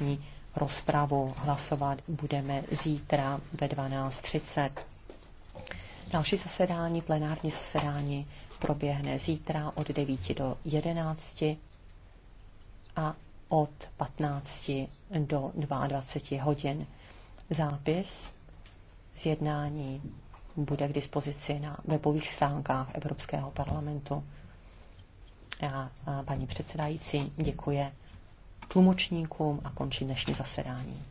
dnešní rozpravu. Hlasovat budeme zítra ve 12.30. Další zasedání, plenární zasedání, proběhne zítra od 9 do 11 a od 15 do 22 hodin. Zápis z jednání bude k dispozici na webových stránkách Evropského parlamentu. Já, paní předsedající, děkuji tlumočníkům a končí dnešní zasedání.